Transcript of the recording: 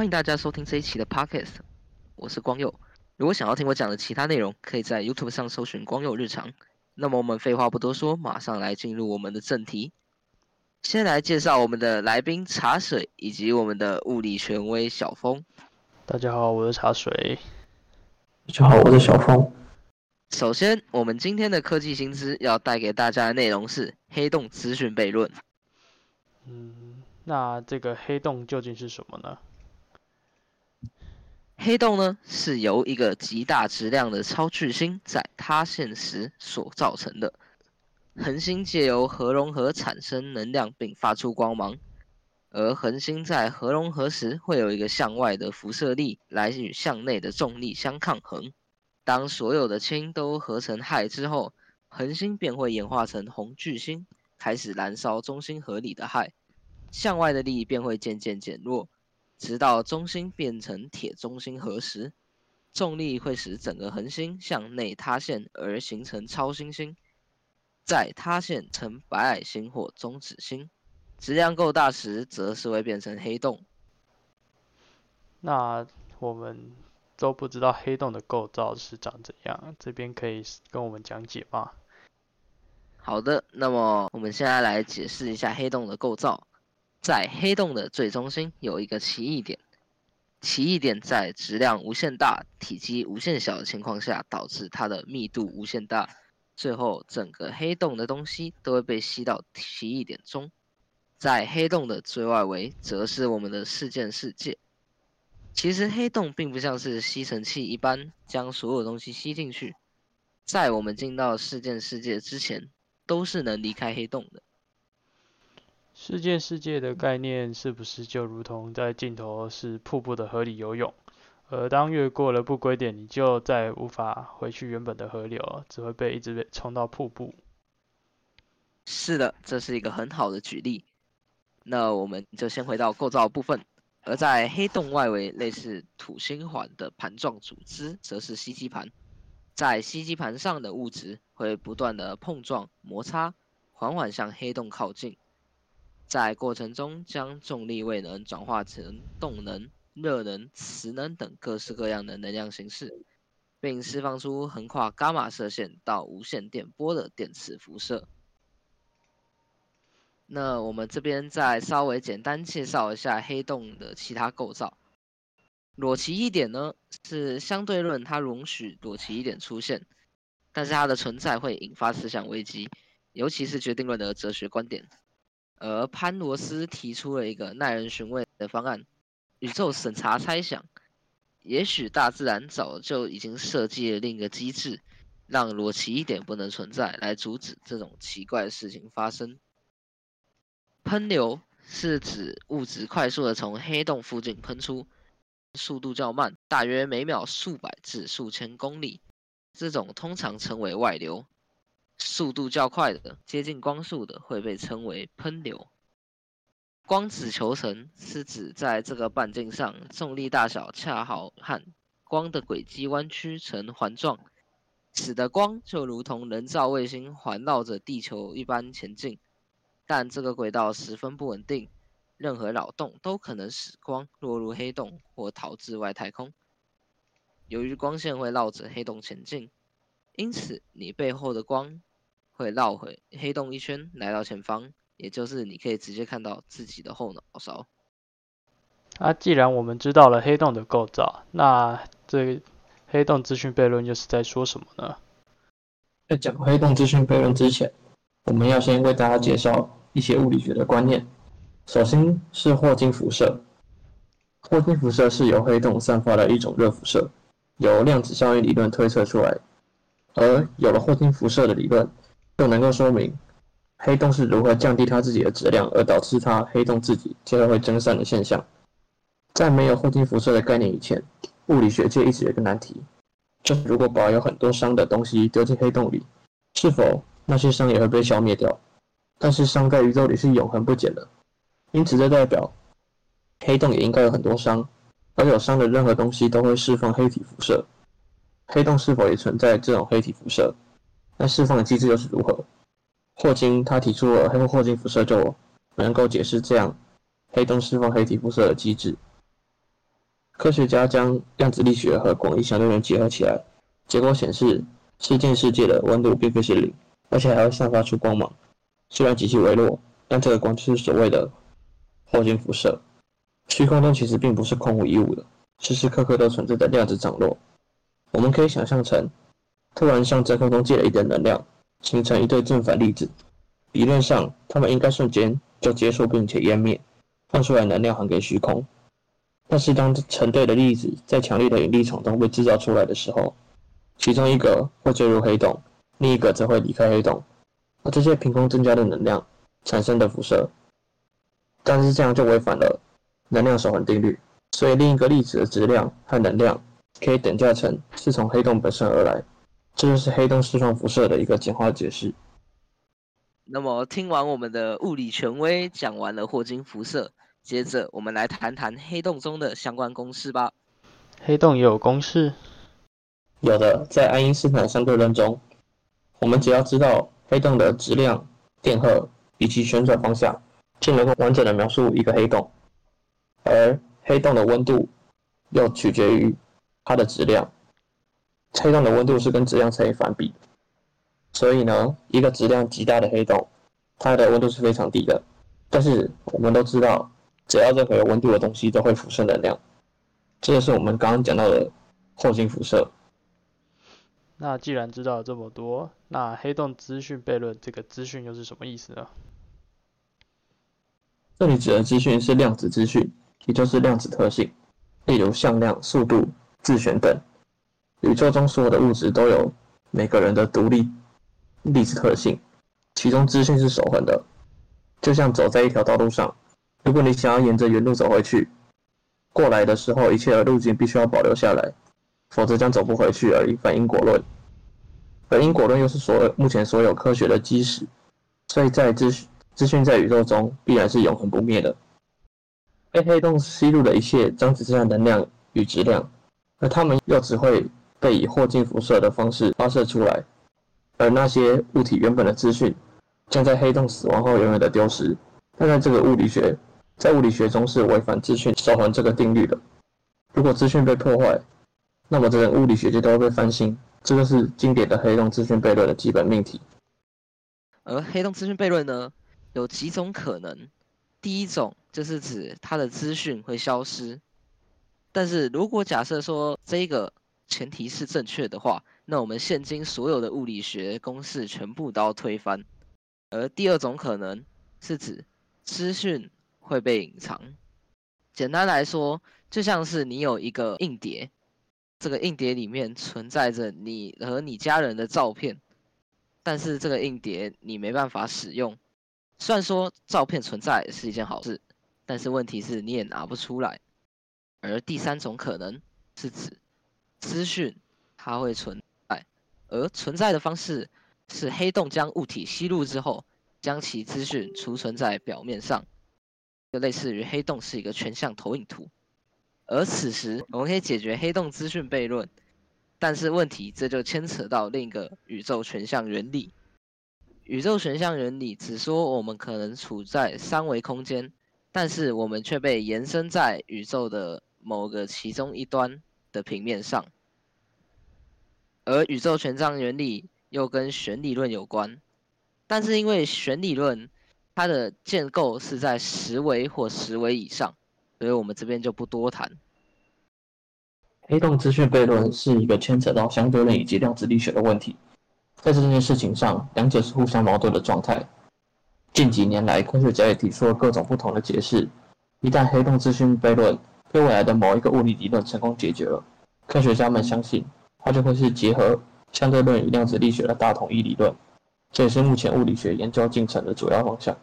歡迎大家收聽這一期的 podcast，我是光佑。如果想要聽我講的其他內容，可以在 YouTube 上搜尋“光佑日常”。那麼我們廢話不多說，馬上來進入我們的正題。先來介紹我們的來賓茶水以及我們的物理權威小峰。大家好，我是茶水。大家好，我是小峰。首先，我們今天的科技新知要帶給大家的內容是黑洞資訊悖論。嗯，那這個黑洞究竟是什麼呢？黑洞呢，是由一個極大質量的超巨星在塌陷時所造成的。恆星借由核融合產生能量並發出光芒，而恆星在核融合時會有一個向外的輻射力來與向內的重力相抗衡。當所有的氫都合成氦之後，恆星便會演化成紅巨星，開始燃燒中心核裡的氦，向外的力便會漸漸減弱。直到中心變成鐵中心核時，重力會使整個恆星向內塌陷，而形成超新星，再塌陷成白矮星或中子星，質量夠大時，則是會變成黑洞。那我們都不知道黑洞的構造是長怎樣，這邊可以跟我們講解嗎？好的，那麼我們現在來解釋一下黑洞的構造。在黑洞的最中心有一個奇異點，奇異點在質量無限大、體積無限小的情況下，導致它的密度無限大。最後，整個黑洞的東西都會被吸到奇異點中。在黑洞的最外圍則是我們的事件視界。其實黑洞並不像是吸塵器一般將所有東西吸進去，在我們進到事件視界之前，都是能離開黑洞的。事件視界的概念是不是就如同在盡頭是瀑布的河裡游泳？而當越過了不歸點，你就再也無法回去原本的河流，只會被一直沖到瀑布。是的，這是一個很好的舉例。那我們就先回到構造部分。而在黑洞外圍，類似土星環的盤狀組織，則是吸積盤。在吸積盤上的物質會不斷地碰撞摩擦，緩緩向黑洞靠近。在過程中，將重力位能轉化成動能、熱能、磁能等各式各樣的能量形式，並釋放出橫跨伽馬射線到無線電波的電磁輻射。那我們這邊再稍微簡單介紹一下黑洞的其他構造。裸奇異點呢，是相對論它容許裸奇異點出現，但是它的存在會引發思想危機，尤其是決定論的哲學觀點。而潘羅斯提出了一個耐人尋味的方案——宇宙審查猜想。也許大自然早就已經設計了另一個機制，讓裸奇異點不能存在，來阻止這種奇怪的事情發生。噴流是指物質快速地從黑洞附近噴出，速度較慢，大約每秒數百至數千公里。這種通常稱為外流。速度較快的、接近光速的，會被稱為噴流。光子球層是指在這個半徑上，重力大小恰好和光的軌跡彎曲成環狀，使得光就如同人造衛星環繞着地球一般前進。但這個軌道十分不穩定，任何擾動都可能使光落入黑洞或逃至外太空。由於光線會繞着黑洞前進，因此你背後的光。會繞回黑洞一圈，來到前方，也就是你可以直接看到自己的後腦勺。啊，既然我們知道了黑洞的構造，那這黑洞資訊悖論又是在說什麼呢？在講黑洞資訊悖論之前，我們要先為大家介紹一些物理學的觀念。首先是霍金輻射，霍金輻射是由黑洞散發的一種熱輻射，由量子效應理論推測出來，而有了霍金輻射的理論。就能夠說明黑洞是如何降低它自己的質量，而導致它黑洞自己最後會蒸散的現象。在沒有黑體輻射的概念以前，物理學界一直有一個難題，就是如果把有很多熵的東西丟進黑洞裡，是否那些熵也會被消滅掉？但是熵在宇宙裡是永恆不減的，因此這代表黑洞也應該有很多熵，而有熵的任何東西都會釋放黑體輻射。黑洞是否也存在這種黑體輻射？那釋放的機制又是如何？霍金他提出了黑洞霍金輻射，就能夠解釋這樣黑洞釋放黑體輻射的機制。科學家將量子力學和廣義相對論結合起來，結果顯示事件視界的溫度並非為零，而且還會散發出光芒。雖然極其微弱，但這個光就是所謂的霍金輻射。虛空中其實並不是空無一物的，時時刻刻都存在着量子漲落。我們可以想象成。突然向真空中借了一點能量，形成一對正反粒子。理論上，它們應該瞬間就結束並且湮滅，放出來能量還給虛空。但是，當成對的粒子在強烈的引力場中被製造出來的時候，其中一個會墜入黑洞，另一個則會離開黑洞。而這些憑空增加的能量產生的輻射，但是這樣就違反了能量守恆定律。所以，另一個粒子的質量和能量可以等價成是從黑洞本身而來。這就是黑洞釋放輻射的一個簡化解釋。那麼，聽完我們的物理權威講完了霍金輻射，接着我們來談談黑洞中的相關公式吧。黑洞也有公式？有的，在愛因斯坦相對論中，我們只要知道黑洞的質量、電荷以及旋轉方向，就能夠完整地描述一個黑洞。而黑洞的溫度又取決於它的質量。黑洞的溫度是跟質量成反比，所以呢，一個質量極大的黑洞，它的溫度是非常低的。但是我們都知道，只要任何有溫度的東西都會輻射能量，這就、個、是我們剛剛講到的霍金輻射。那既然知道了這麼多，那黑洞資訊悖論這個資訊又是什麼意思呢？這裡指的資訊是量子資訊，也就是量子特性，例如向量、速度、自旋等。宇宙中所有的物質都有每個人的獨立粒子特性，其中資訊是守恆的，就像走在一條道路上，如果你想要沿着原路走回去，過來的時候一切的路徑必須要保留下來，否則將走不回去而已。反因果論，而因果論又是所有目前所有科學的基石，所以在資訊資訊在宇宙中必然是永恆不滅的。被黑洞吸入的一切，將只剩下能量與質量，而他們又只會。被以霍金輻射的方式發射出來，而那些物體原本的資訊將在黑洞死亡後永遠的丟失。當然這個物理學，在物理學中是違反資訊守恆這個定律的。如果資訊被破壞，那麼這個物理學界都會被翻新。這個是經典的黑洞資訊悖論的基本命題。而黑洞資訊悖論呢，有幾種可能。第一種就是指它的資訊會消失。但是如果假設說這個前提是正確的話，那我們現今所有的物理學公式全部都要推翻。而第二種可能是指資訊會被隱藏。簡單來說，就像是你有一個硬碟，這個硬碟裡面存在着你和你家人的照片，但是這個硬碟你沒辦法使用。雖然說照片存在是一件好事，但是問題是你也拿不出來。而第三種可能是指，資訊，它會存在，而存在的方式是黑洞將物體吸入之後，將其資訊儲存在表面上，就類似於黑洞是一個全像投影圖。而此時我們可以解決黑洞資訊悖論，但是問題這就牽扯到另一個宇宙全像原理。宇宙全像原理只說我們可能處在三維空間，但是我們卻被延伸在宇宙的某個其中一端的平面上，而宇宙全像原理又跟弦理論有關，但是因為弦理論它的建構是在十維或十維以上，所以我們這邊就不多談。黑洞資訊悖論是一個牽扯到相對論以及量子力學的問題，在這件事情上，兩者是互相矛盾的狀態。近幾年來，科學家也提出了各種不同的解釋，一旦黑洞資訊悖論，對未來的某一個物理理論成功解決了，科學家們相信它就會是結合相對論與量子力學的大統一理論，這也是目前物理學研究進程的主要方向。